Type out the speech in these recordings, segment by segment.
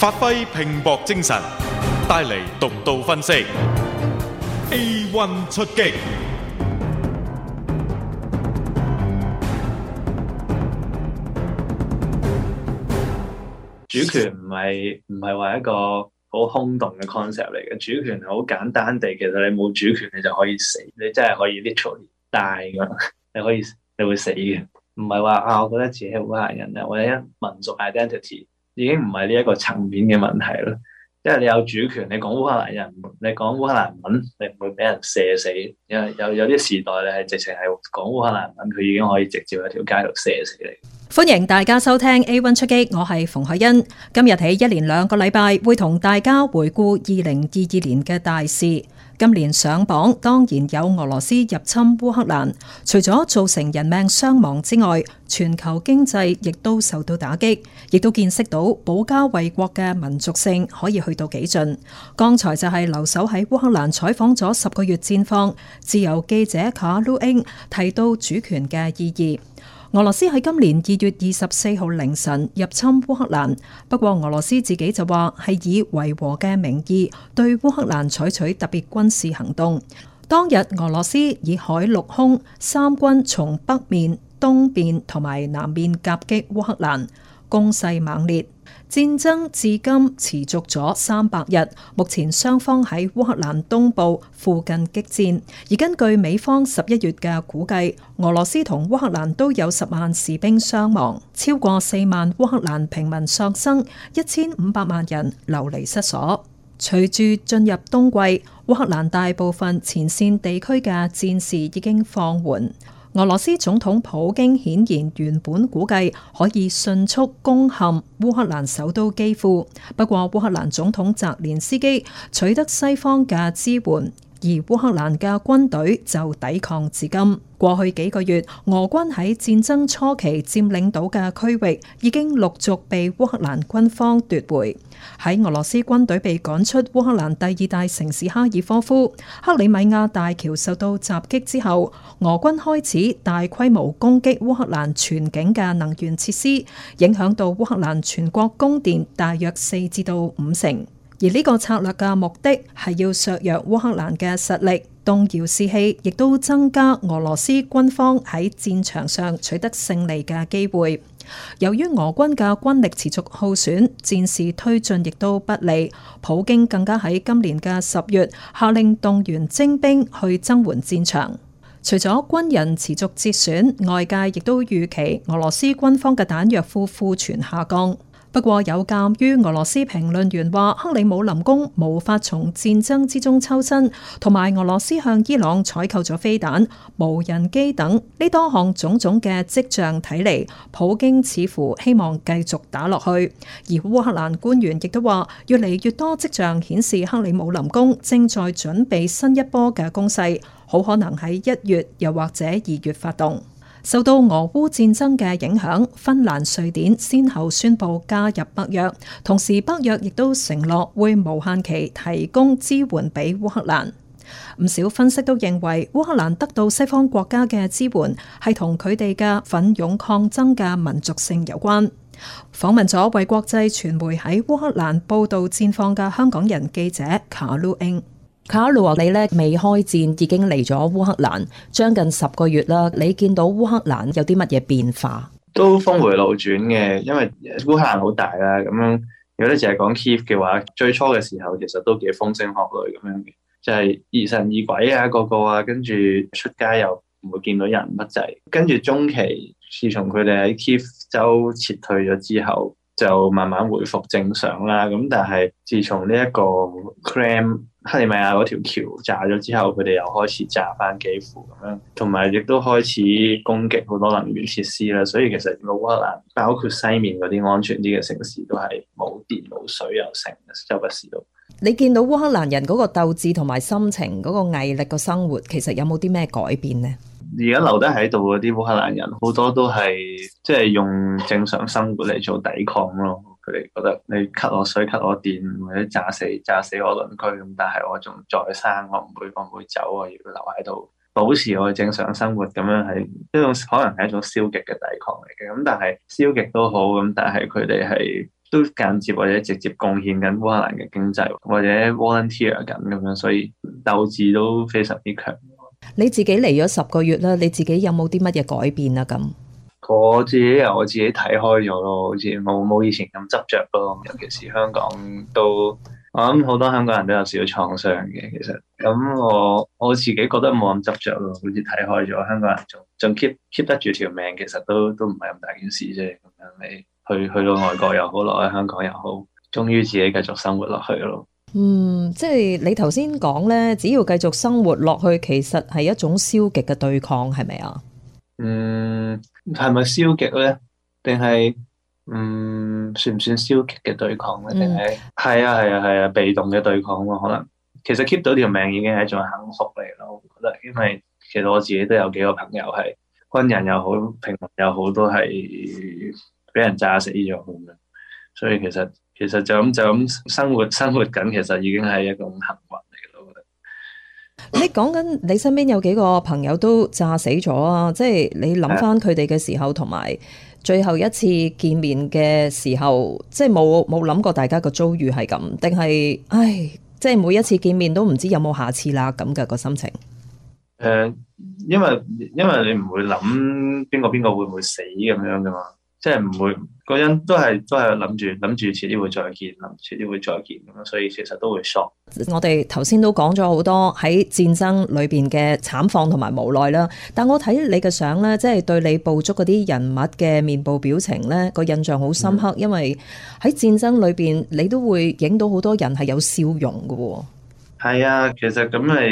發揮拼搏精神，帶嚟獨到分析。A one 出擊，主權唔係唔係話一個好空洞嘅 concept 嚟嘅。主權係好簡單地，其實你冇主權，你就可以死，你真係可以 literally die 噶。你可以，你會死嘅，唔係話啊，我覺得自己好嚇人啊，或者一民族 identity。已經唔係呢一個層面嘅問題啦，因為你有主權，你講烏克蘭人，你講烏克蘭文，你唔會俾人射死。因為有有有啲時代，你係直情係講烏克蘭文，佢已經可以直接喺條街度射死你。歡迎大家收聽 A1 出擊，我係馮海欣，今日起，一連兩個禮拜，會同大家回顧二零二二年嘅大事。今年上榜當然有俄羅斯入侵烏克蘭，除咗造成人命傷亡之外，全球經濟亦都受到打擊，亦都見識到保家衛國嘅民族性可以去到幾盡。剛才就係留守喺烏克蘭採訪咗十個月戰況，自由記者卡魯英提到主權嘅意義。俄羅斯喺今年二月二十四號凌晨入侵烏克蘭，不過俄羅斯自己就話係以維和嘅名義對烏克蘭採取，取特別軍事行動。當日俄羅斯以海陸空三軍從北面、東面同埋南面夾擊烏克蘭，攻勢猛烈。戰爭至今持續咗三百日，目前雙方喺烏克蘭東部附近激戰。而根據美方十一月嘅估計，俄羅斯同烏克蘭都有十萬士兵傷亡，超過四萬烏克蘭平民喪生，一千五百萬人流離失所。隨住進入冬季，烏克蘭大部分前線地區嘅戰事已經放緩。俄羅斯總統普京顯然原本估計可以迅速攻陷烏克蘭首都基輔，不過烏克蘭總統澤連斯基取得西方嘅支援。而烏克蘭嘅軍隊就抵抗至今。過去幾個月，俄軍喺戰爭初期佔領到嘅區域已經陸續被烏克蘭軍方奪回。喺俄羅斯軍隊被趕出烏克蘭第二大城市哈爾科夫、克里米亞大橋受到襲擊之後，俄軍開始大規模攻擊烏克蘭全境嘅能源設施，影響到烏克蘭全國供電大約四至到五成。而呢個策略嘅目的係要削弱烏克蘭嘅實力、動搖士氣，亦都增加俄羅斯軍方喺戰場上取得勝利嘅機會。由於俄軍嘅軍力持續耗損，戰事推進亦都不利。普京更加喺今年嘅十月下令動員徵兵去增援戰場。除咗軍人持續折損，外界亦都預期俄羅斯軍方嘅彈藥庫庫存下降。不過有鑒於俄羅斯評論員話，克里姆林宮無法從戰爭之中抽身，同埋俄羅斯向伊朗採購咗飛彈、無人機等呢多項種種嘅跡象睇嚟，普京似乎希望繼續打落去。而烏克蘭官員亦都話，越嚟越多跡象顯示克里姆林宮正在準備新一波嘅攻勢，好可能喺一月又或者二月發動。受到俄烏戰爭嘅影響，芬蘭、瑞典先後宣布加入北約，同時北約亦都承諾會無限期提供支援俾烏克蘭。唔少分析都認為，烏克蘭得到西方國家嘅支援，係同佢哋嘅奮勇抗爭嘅民族性有關。訪問咗為國際傳媒喺烏克蘭報導戰況嘅香港人記者卡露英。卡路，話，你咧，未開戰已經嚟咗烏克蘭將近十個月啦，你見到烏克蘭有啲乜嘢變化？都峰迴路轉嘅，因為烏克蘭好大啦，咁樣如果你淨係講基輔嘅話，最初嘅時候其實都幾風聲鶴唳咁樣嘅，就係、是、疑神疑鬼啊，個個啊，跟住出街又唔會見到人乜滯，跟住中期，自從佢哋喺基輔州撤退咗之後。就慢慢回復正常啦，咁但係自從呢一個克里米亞嗰條橋炸咗之後，佢哋又開始炸翻幾乎咁樣，同埋亦都開始攻擊好多能源設施啦。所以其實烏克蘭包括西面嗰啲安全啲嘅城市都係冇電冇水又成，周不時都，你見到烏克蘭人嗰個鬥志同埋心情嗰個毅力個生活，其實有冇啲咩改變呢？而家留得喺度嗰啲烏克蘭人，好多都係即係用正常生活嚟做抵抗咯。佢哋覺得你吸我水、吸我電，或者炸死炸死我鄰居咁，但係我仲在生，我唔會我唔會走啊，我要留喺度保持我正常生活咁樣係呢種可能係一種消極嘅抵抗嚟嘅。咁但係消極都好咁，但係佢哋係都間接或者直接貢獻緊烏克蘭嘅經濟或者 volunteer 緊。咁樣，所以鬥志都非常之強。你自己嚟咗十個月啦，你自己有冇啲乜嘢改變啊？咁我自己又我自己睇開咗咯，好似冇冇以前咁執着咯。尤其是香港都，都我諗好多香港人都有少少創傷嘅。其實咁我我自己覺得冇咁執着咯，好似睇開咗。香港人仲仲 keep keep 得住條命，其實都都唔係咁大件事啫。咁樣你去去到外國又好，落喺香港又好，終於自己繼續生活落去咯。嗯，即係你頭先講咧，只要繼續生活落去，其實係一種消極嘅對抗，係咪啊？嗯，係咪消極咧？定係嗯，算唔算消極嘅對抗咧？定係係啊，係啊，係啊，啊，被動嘅對抗咯。可能其實 keep 到條命已經係一種幸福嚟咯。我覺得，因為其實我自己都有幾個朋友係軍人又好，平民又好，都係俾人炸死咗咁樣，所以其實。其實就咁就咁生活生活緊，其實已經係一種幸運嚟嘅咯。你講緊你身邊有幾個朋友都炸死咗啊。即係你諗翻佢哋嘅時候，同埋最後一次見面嘅時候，即係冇冇諗過大家個遭遇係咁，定係唉，即係每一次見面都唔知有冇下次啦咁嘅個心情。誒，因為因為你唔會諗邊個邊個會唔會死咁樣噶嘛即係唔會，嗰人都係都係諗住諗住遲啲會再見，諗遲啲會再見咁咯，所以其實都會 shock。我哋頭先都講咗好多喺戰爭裏邊嘅慘況同埋無奈啦，但我睇你嘅相咧，即係對你捕捉嗰啲人物嘅面部表情咧，個印象好深刻，嗯、因為喺戰爭裏邊，你都會影到好多人係有笑容嘅。係啊，其實咁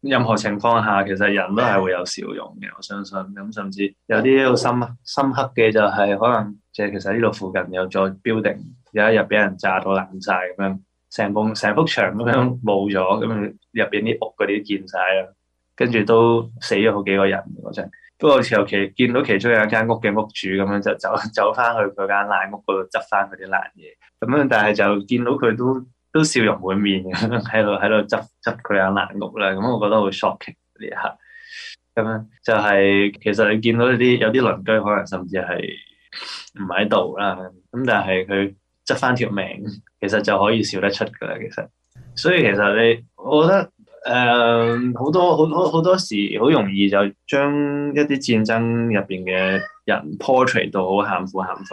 你，任何情況下，其實人都係會有笑容嘅。我相信咁，甚至有啲好深深刻嘅，就係可能即係其實呢度附近有座 building，有一日俾人炸到爛晒咁樣，成棟成幅牆咁樣冇咗，咁入邊啲屋嗰啲見晒啦，跟住都死咗好幾個人嗰陣。不過之後其見到其中有一間屋嘅屋主咁樣就走走翻去佢間爛屋嗰度執翻佢啲爛嘢，咁樣但係就見到佢都。都笑容滿面咁樣喺度喺度執執佢個爛屋啦，咁 我覺得好 shocking 呢一刻，咁樣就係、是、其實你見到呢啲有啲鄰居可能甚至係唔喺度啦，咁但係佢執翻條命，其實就可以笑得出噶啦，其實。所以其實你，我覺得誒好、呃、多好多好多時好容易就將一啲戰爭入邊嘅人 portray 到好喊苦喊忽。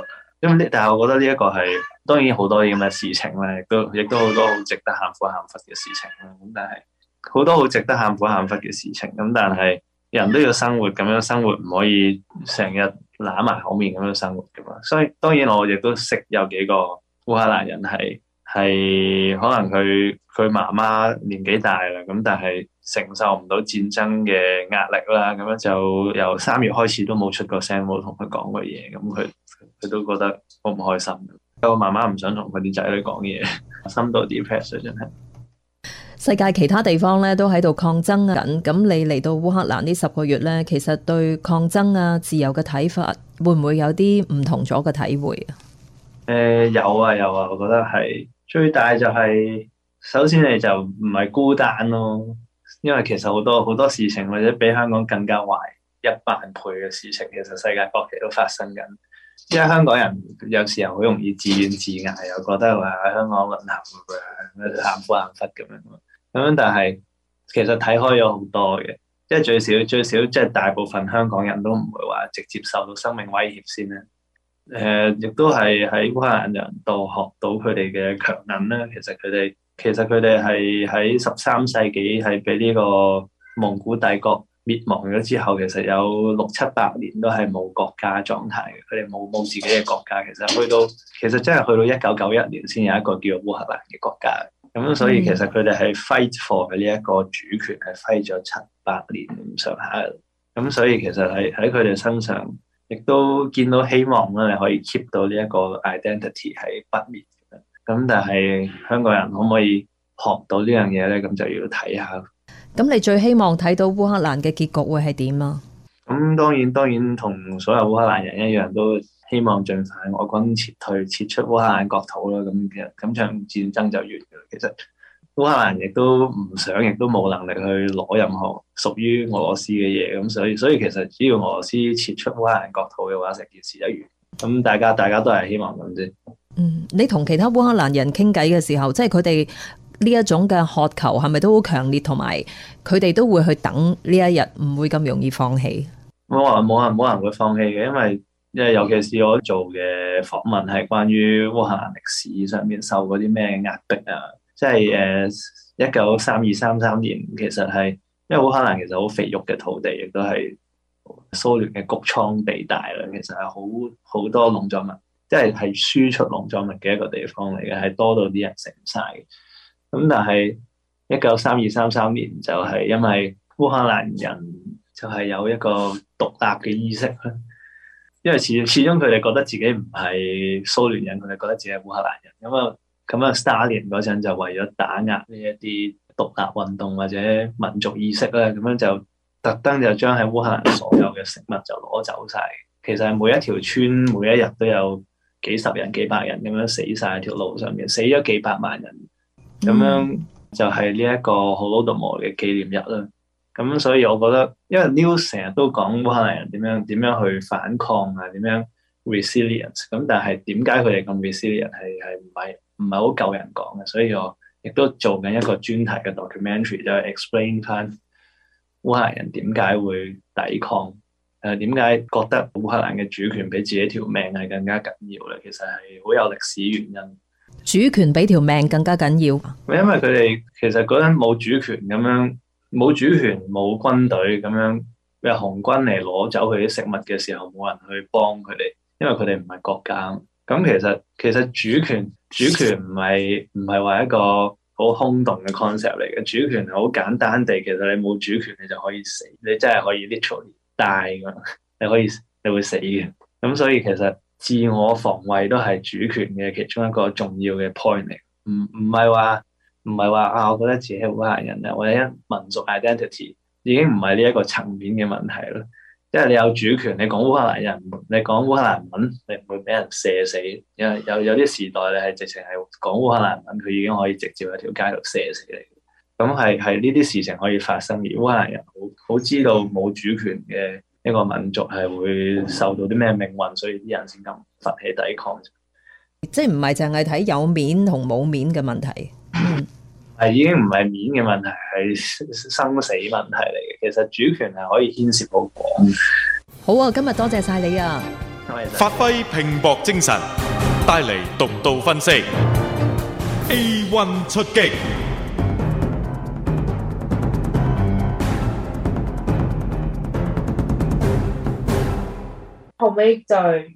咁啲，但係我覺得呢一個係當然好多咁嘅事情咧，都亦都好多好值得喊苦喊忽嘅事情啦。咁但係好多好值得喊苦喊忽嘅事情，咁但係人都要生活，咁樣生活唔可以成日揦埋口面咁樣生活㗎嘛。所以當然我亦都識有幾個烏克蘭人係係可能佢佢媽媽年紀大啦，咁但係。承受唔到戰爭嘅壓力啦，咁樣就由三月開始都冇出過聲，冇同佢講過嘢，咁佢佢都覺得好唔開心。我媽媽唔想同佢啲仔女講嘢，心到啲 pressure 真係。世界其他地方咧都喺度抗爭緊，咁你嚟到烏克蘭呢十個月咧，其實對抗爭啊、自由嘅睇法，會唔會有啲唔同咗嘅體會、呃、啊？誒有啊有啊，我覺得係最大就係、是、首先你就唔係孤單咯。因為其實好多好多事情，或者比香港更加壞一萬倍嘅事情，其實世界各地都發生緊。因為香港人有時候好容易自怨自艾，又覺得話喺香港淪陷咁樣喊苦喊忽咁樣。咁樣但係其實睇開咗好多嘅，即係最少最少，即係大部分香港人都唔會話直接受到生命威脅先啦。誒、呃，亦都係喺烏克蘭人度學到佢哋嘅強韌啦。其實佢哋。其實佢哋係喺十三世紀係俾呢個蒙古大國滅亡咗之後，其實有六七百年都係冇國家狀態嘅，佢哋冇冇自己嘅國家。其實去到其實真係去到一九九一年先有一個叫烏克蘭嘅國家。咁所以其實佢哋係 fight for 呢一個主權係 fight 咗七百年咁上下。咁所以其實喺喺佢哋身上亦都見到希望啦，你可以 keep 到呢一個 identity 喺不滅。咁但係香港人可唔可以學到呢樣嘢咧？咁就要睇下。咁你最希望睇到烏克蘭嘅結局會係點啊？咁、嗯、當然，當然同所有烏克蘭人一樣，都希望盡快俄軍撤退，撤出烏克蘭國土啦。咁嘅咁場戰爭就完。其實烏克蘭亦都唔想，亦都冇能力去攞任何屬於俄羅斯嘅嘢。咁所以，所以其實只要俄羅斯撤出烏克蘭國土嘅話，成件事一完。咁大家大家都係希望咁啫。嗯，你同其他烏克蘭人傾偈嘅時候，即係佢哋呢一種嘅渴求係咪都好強烈，同埋佢哋都會去等呢一日，唔會咁容易放棄。我話冇人冇人會放棄嘅，因為因為尤其是我做嘅訪問係關於烏克蘭歷史上面受嗰啲咩壓迫啊，嗯、即係誒一九三二、三三年，其實係因為烏克蘭其實好肥沃嘅土地，亦都係蘇聯嘅谷倉地帶啦。其實係好好多農作物。因為係輸出農作物嘅一個地方嚟嘅，係多到啲人食唔晒。咁但係一九三二三三年就係因為烏克蘭人就係有一個獨立嘅意識啦，因為始始終佢哋覺得自己唔係蘇聯人，佢哋覺得自己係烏克蘭人。咁啊咁啊，Stalin 嗰陣就為咗打壓呢一啲獨立運動或者民族意識啦，咁樣就特登就將喺烏克蘭所有嘅食物就攞走晒。其實每一條村每一日都有。幾十人、幾百人咁樣死晒條路上面，死咗幾百萬人，咁、嗯、樣就係呢一個 Holodomor 嘅紀念日啦。咁所以我覺得，因為 News 成日都講烏克蘭人點樣點樣去反抗啊，點樣 resilience，咁但係點解佢哋咁 resilient 係係唔係唔係好夠人講嘅，所以我亦都做緊一個專題嘅 documentary，就係 explain 翻烏克蘭人點解會抵抗。誒，點解、啊、覺得烏克蘭嘅主權比自己條命係更加緊要咧？其實係好有歷史原因。主權比條命更加緊要。因為佢哋其實嗰陣冇主權咁樣，冇主權、冇軍隊咁樣，俾紅軍嚟攞走佢啲食物嘅時候，冇人去幫佢哋，因為佢哋唔係國家。咁其實其實主權主權唔係唔係話一個好空洞嘅 concept 嚟嘅，主權係好簡單地，其實你冇主權，你就可以死，你真係可以 literally。大嘅，你可以你會死嘅，咁所以其實自我防衞都係主權嘅其中一個重要嘅 point 嚟，唔唔係話唔係話啊，我覺得自己係烏克蘭人啊，或者民族 identity 已經唔係呢一個層面嘅問題啦，即係你有主權，你講烏克蘭人，你講烏克蘭文，你唔會俾人射死，因為有有有啲時代你係直情係講烏克蘭文，佢已經可以直接喺條街度射死你。咁係係呢啲事情可以發生嘅，烏克蘭人好好知道冇主權嘅一個民族係會受到啲咩命運，所以啲人先咁奮起抵抗。即係唔係淨係睇有面同冇面嘅問題，係 已經唔係面嘅問題，係生死問題嚟嘅。其實主權係可以牽涉到廣。 好啊，今日多謝晒你啊！發揮拼搏精神，帶嚟獨到分析。A one 出擊。就，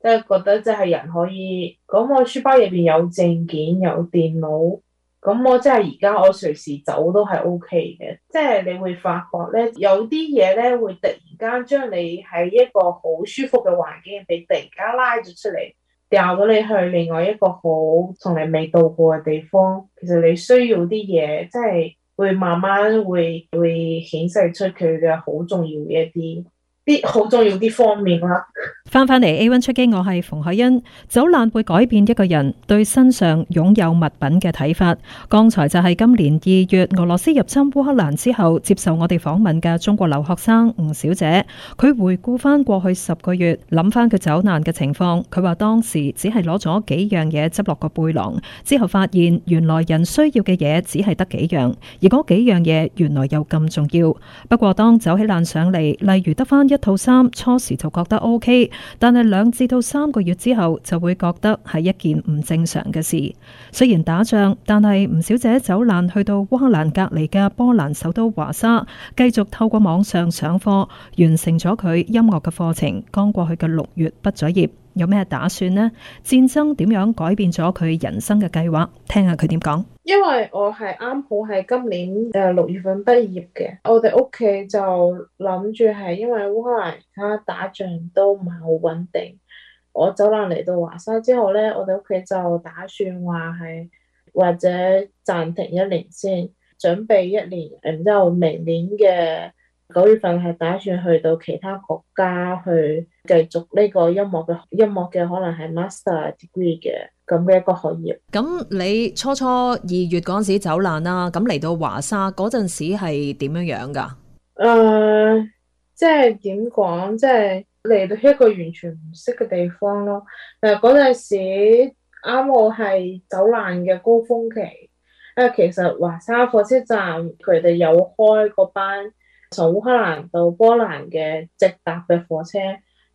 即係覺得即係人可以咁，我書包入邊有證件有電腦，咁我即係而家我隨時走都係 O K 嘅。即係你會發覺咧，有啲嘢咧會突然間將你喺一個好舒服嘅環境，俾突然間拉咗出嚟，掉咗你去另外一個好從來未到過嘅地方。其實你需要啲嘢，即係會慢慢會會顯示出佢嘅好重要嘅一啲，啲好重要啲方面啦。翻返嚟 A1 出擊，我係馮海欣。走難會改變一個人對身上擁有物品嘅睇法。剛才就係今年二月俄羅斯入侵烏克蘭之後接受我哋訪問嘅中國留學生吳小姐，佢回顧翻過去十個月，諗翻佢走難嘅情況。佢話當時只係攞咗幾樣嘢執落個背囊，之後發現原來人需要嘅嘢只係得幾樣，而嗰幾樣嘢原來又咁重要。不過當走起難上嚟，例如得翻一套衫，初時就覺得 OK。但係兩至到三個月之後，就會覺得係一件唔正常嘅事。雖然打仗，但係吳小姐走難去到烏克蘭隔籬嘅波蘭首都華沙，繼續透過網上上課，完成咗佢音樂嘅課程。剛過去嘅六月畢咗業。有咩打算呢？戰爭點樣改變咗佢人生嘅計劃？聽下佢點講。因為我係啱好係今年誒六月份畢業嘅，我哋屋企就諗住係因為烏克蘭而家打仗都唔係好穩定，我走嚟嚟到華沙之後咧，我哋屋企就打算話係或者暫停一年先，準備一年，然之後明年嘅九月份係打算去到其他國家去。繼續呢個音樂嘅音樂嘅可能係 master degree 嘅咁嘅一個行業。咁你初初二月嗰陣時走難啦，咁嚟到華沙嗰陣時係點樣樣噶？誒、 嗯，即係點講？即係嚟到一個完全唔識嘅地方咯。但係嗰陣時啱我係走難嘅高峰期，因為其實華沙火車站佢哋有開嗰班從烏克蘭到波蘭嘅直達嘅火車。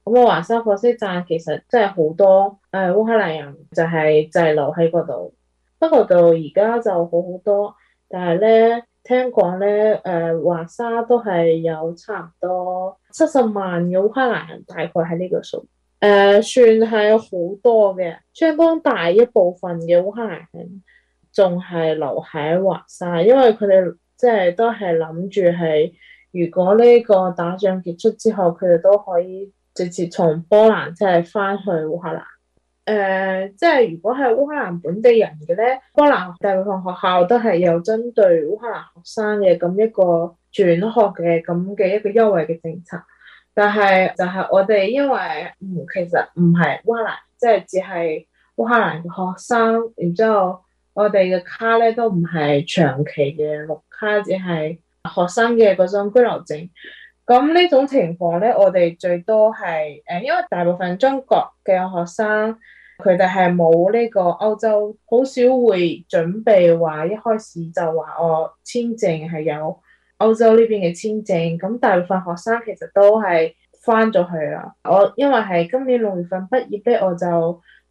咁我華沙火色站其實真係好多誒烏克蘭人就係滯留喺嗰度，不過到而家就好好多。但係咧聽講咧誒華沙都係有差唔多七十萬嘅烏克蘭人，大概喺呢個數誒、呃，算係好多嘅，相當大一部分嘅烏克蘭人仲係留喺華沙，因為佢哋即係都係諗住係如果呢個打仗結束之後，佢哋都可以。直接從波蘭即係翻去烏克蘭，誒、呃，即係如果係烏克蘭本地人嘅咧，波蘭大部分學校都係有針對烏克蘭學生嘅咁一個轉學嘅咁嘅一個優惠嘅政策。但係就係我哋因為唔、嗯、其實唔係烏克蘭，即、就、係、是、只係烏克蘭嘅學生，然之後我哋嘅卡咧都唔係長期嘅綠卡，只係學生嘅嗰種居留證。咁呢種情況咧，我哋最多係誒，因為大部分中國嘅學生，佢哋係冇呢個歐洲，好少會準備話一開始就話我簽證係有歐洲呢邊嘅簽證。咁大部分學生其實都係翻咗去啦。我因為係今年六月份畢業咧，我就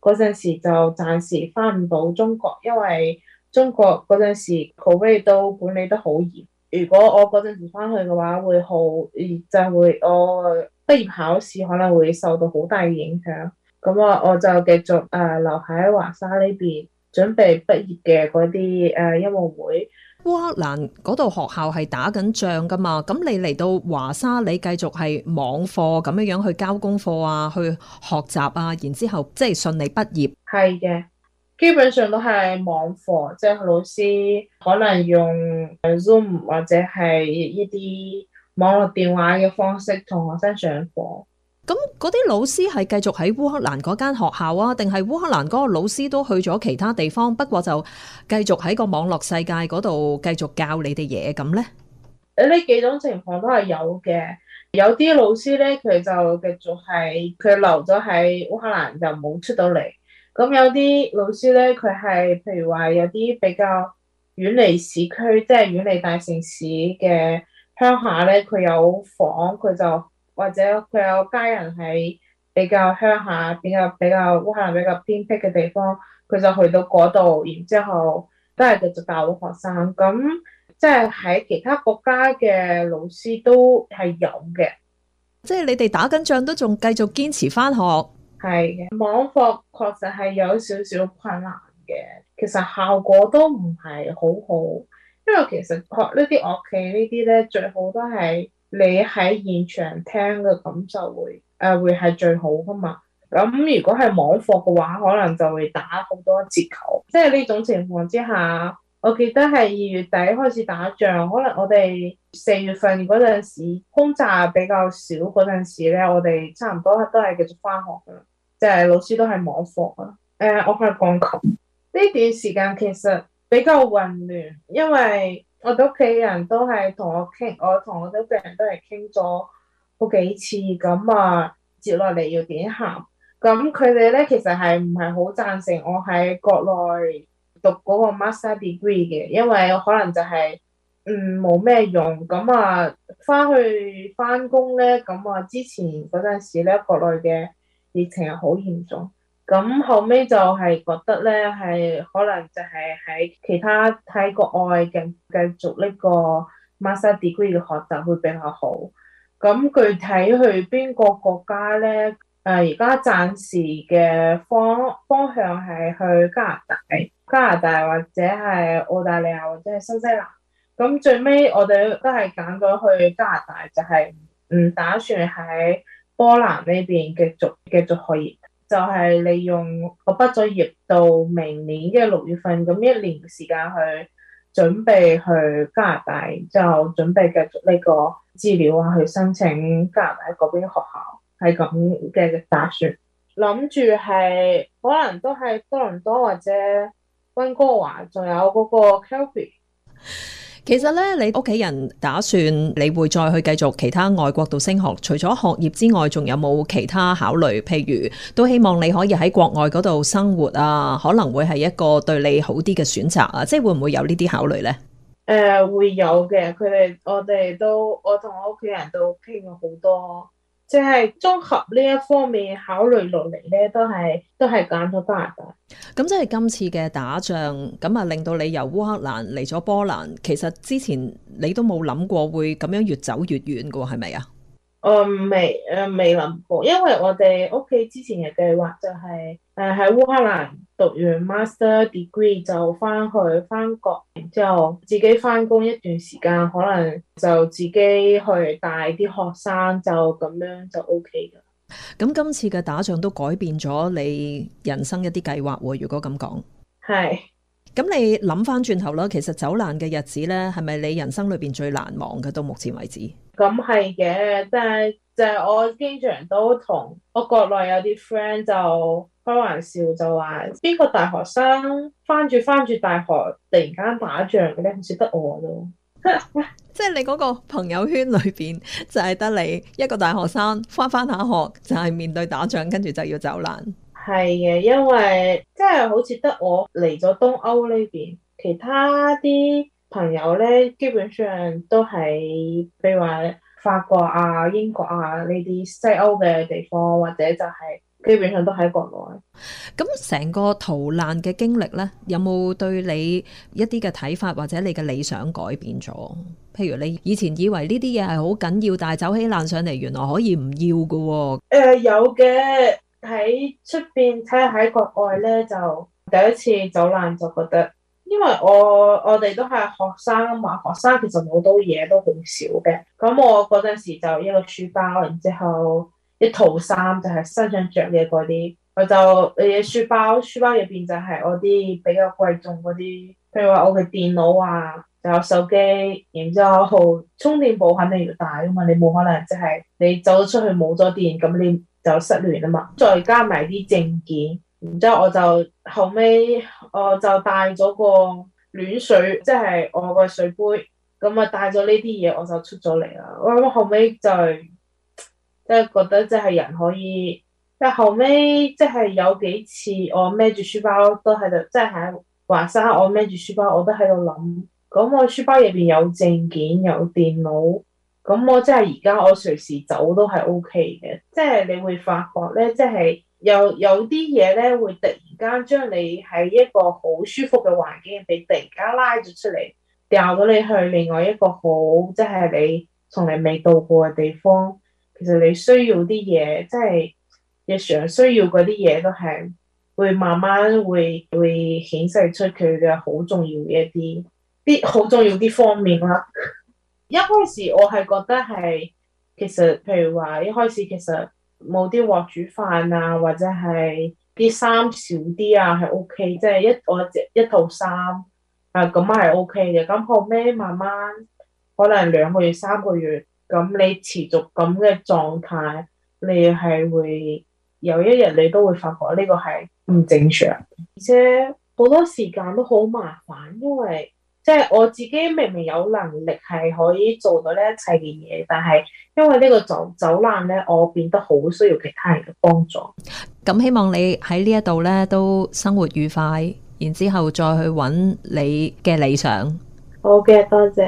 嗰陣時就暫時翻唔到中國，因為中國嗰陣時 COVID 都管理得好嚴。如果我嗰陣時翻去嘅話，會好，就會我畢業考試可能會受到好大嘅影響。咁啊，我就繼續誒留喺華沙呢邊準備畢業嘅嗰啲誒音樂會。哇！嗱，嗰度學校係打緊仗噶嘛？咁你嚟到華沙，你繼續係網課咁樣樣去交功課啊，去學習啊，然之後即係順利畢業。係嘅。基本上都係網課，即係老師可能用 Zoom 或者係呢啲網絡電話嘅方式同學生上課。咁嗰啲老師係繼續喺烏克蘭嗰間學校啊，定係烏克蘭嗰個老師都去咗其他地方，不過就繼續喺個網絡世界嗰度繼續教你哋嘢咁咧？誒，呢幾種情況都係有嘅。有啲老師咧，佢就繼續係佢留咗喺烏克蘭，就冇出到嚟。咁有啲老師咧，佢係譬如話有啲比較遠離市區，即係遠離大城市嘅鄉下咧，佢有房，佢就或者佢有家人喺比較鄉下，比較比較烏閒，比較偏僻嘅地方，佢就去到嗰度，然之後都係繼續教好學生。咁即係喺其他國家嘅老師都係有嘅，即係你哋打緊仗都仲繼續堅持返學。係嘅，網課確實係有少少困難嘅，其實效果都唔係好好。因為其實學呢啲樂器呢啲咧，最好都係你喺現場聽嘅感受會誒、呃、會係最好噶嘛。咁如果係網課嘅話，可能就會打好多折扣。即係呢種情況之下，我記得係二月底開始打仗，可能我哋四月份嗰陣時空炸比較少嗰陣時咧，我哋差唔多都係繼續返學嘅。就係老師都係網課啊，誒、呃，我係鋼琴呢段時間其實比較混亂，因為我哋屋企人都係同我傾，我同我啲屋企人都係傾咗好幾次，咁啊接落嚟要點行，咁佢哋咧其實係唔係好贊成我喺國內讀嗰個 master degree 嘅，因為可能就係、是、嗯冇咩用，咁啊返去返工咧，咁啊之前嗰陣時咧國內嘅。疫情又好嚴重，咁後尾就係覺得咧，係可能就係喺其他睇國外更繼續呢個 master degree 嘅學習會比較好。咁具體去邊個國家咧？誒、呃，而家暫時嘅方方向係去加拿大、加拿大或者係澳大利亞或者係新西蘭。咁最尾我哋都係揀咗去加拿大，就係、是、唔打算喺。波蘭呢邊繼續繼續學業，就係、是、利用我畢咗業到明年即係六月份咁一年嘅時間去準備去加拿大，就準備繼續呢個資料啊去申請加拿大嗰邊學校，係咁嘅打算。諗住係可能都係多倫多或者温哥華，仲有嗰個 Calgary。其實咧，你屋企人打算你會再去繼續其他外國度升學，除咗學業之外，仲有冇其他考慮？譬如，都希望你可以喺國外嗰度生活啊，可能會係一個對你好啲嘅選擇啊，即係會唔會有呢啲考慮呢？誒、呃，會有嘅，佢哋我哋都我同我屋企人都傾咗好多。即係綜合呢一方面考慮落嚟咧，都係都係揀咗波蘭。咁即係今次嘅打仗，咁啊令到你由烏克蘭嚟咗波蘭。其實之前你都冇諗過會咁樣越走越遠噶，係咪啊？誒，未誒、嗯，未諗過，因為我哋屋企之前嘅計劃就係誒喺烏克蘭讀完 master degree 就翻去翻國，然之後自己翻工一段時間，可能就自己去帶啲學生，就咁樣就 OK 噶。咁今次嘅打仗都改變咗你人生一啲計劃喎，如果咁講。係。咁你諗翻轉頭啦，其實走難嘅日子咧，係咪你人生裏邊最難忘嘅到目前為止？咁係嘅，即係就係我經常都同我國內有啲 friend 就開玩笑就話，邊個大學生翻住翻住大學突然間打仗嘅咧，唔少得我咯。 即係你嗰個朋友圈裏邊就係、是、得你一個大學生翻翻下學就係、是、面對打仗，跟住就要走難。係嘅，因為即係好似得我嚟咗東歐呢邊，其他啲朋友呢基本上都係，比如話法國啊、英國啊呢啲西歐嘅地方，或者就係、是、基本上都喺國內。咁成個逃難嘅經歷呢，有冇對你一啲嘅睇法或者你嘅理想改變咗？譬如你以前以為呢啲嘢係好緊要，但係走起難上嚟，原來可以唔要嘅、哦。誒、呃，有嘅。喺出邊，睇下喺國外咧，就第一次走難，就覺得，因為我我哋都係學生嘛，學生其實好多嘢都好少嘅。咁我嗰陣時就一個書包，然之後一套衫就係、是、身上着嘅嗰啲。我就你嘅書包，書包入邊就係我啲比較貴重嗰啲，譬如話我嘅電腦啊，有手機，然之後充電寶肯定要帶啊嘛。你冇可能即係你走咗出去冇咗電，咁你。就失聯啊嘛，再加埋啲證件，然之後我就後尾，我就帶咗個暖水，即係我個水杯，咁啊帶咗呢啲嘢我就出咗嚟啦。我諗後尾就即係覺得即係人可以，即係後尾即係有幾次我孭住書包都喺度，即係喺華山我孭住書包我都喺度諗，咁我書包入邊有證件有電腦。咁我即係而家，我隨時走都係 OK 嘅。即係你會發覺咧，即係有有啲嘢咧，會突然間將你喺一個好舒服嘅環境，俾突然間拉咗出嚟，掉咗你去另外一個好，即係你從嚟未到過嘅地方。其實你需要啲嘢，即係日常需要嗰啲嘢，都係會慢慢會會顯示出佢嘅好重要嘅一啲啲好重要啲方面啦。一開始我係覺得係其實，譬如話一開始其實冇啲鑊煮飯啊，或者係啲衫，少啲啊，係 O K，即係一我一套衫啊，咁係 O K，嘅。咁後尾慢慢可能兩個月三個月，咁你持續咁嘅狀態，你係會有一日你都會發覺呢個係唔正常，而且好多時間都好麻煩，因為。即係我自己明明有能力係可以做到呢一切嘅嘢，但係因為呢個走走難咧，我變得好需要其他人嘅幫助。咁希望你喺呢一度咧都生活愉快，然之後再去揾你嘅理想。好嘅，多謝。